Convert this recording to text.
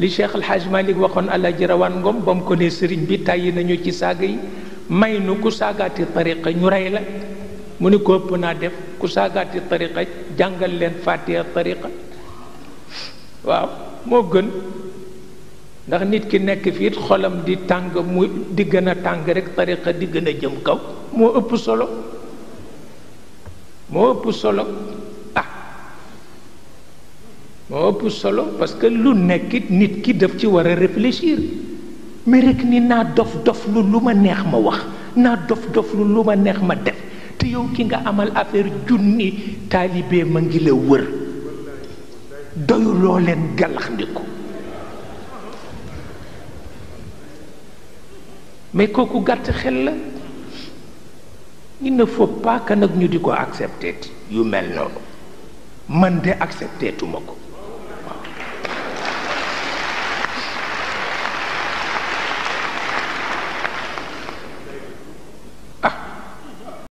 li Cheikh El Hadj waxoon Alaaji Rawaan ngoom ba mu ko ne sëriñ bi tàyyi nañu ci saaga yi may nu ku saagaati tariqa ñu rey la mu ni ko ëpp naa def ku saagaati tariqa jàngal leen fatiha tariqa waaw moo gën ndax nit ki nekk fii xolam di tàng mu di gën a tàng rek tariqa di gën a jëm kaw moo ëpp solo moo ëpp solo moo ëpp solo parce que lu nekkit nit ki def ci war a réfléchir mais ni naa dof dof lu lu ma neex ma wax naa dof dof lu lu ma neex ma def te yow ki nga amal affaire junni taalibe ma ngi la wër doyuloo leen galax ndiku mais kooku gàtt xel la il ne faut pas nag ñu di ko accepter yu mel noonu man de accepté ko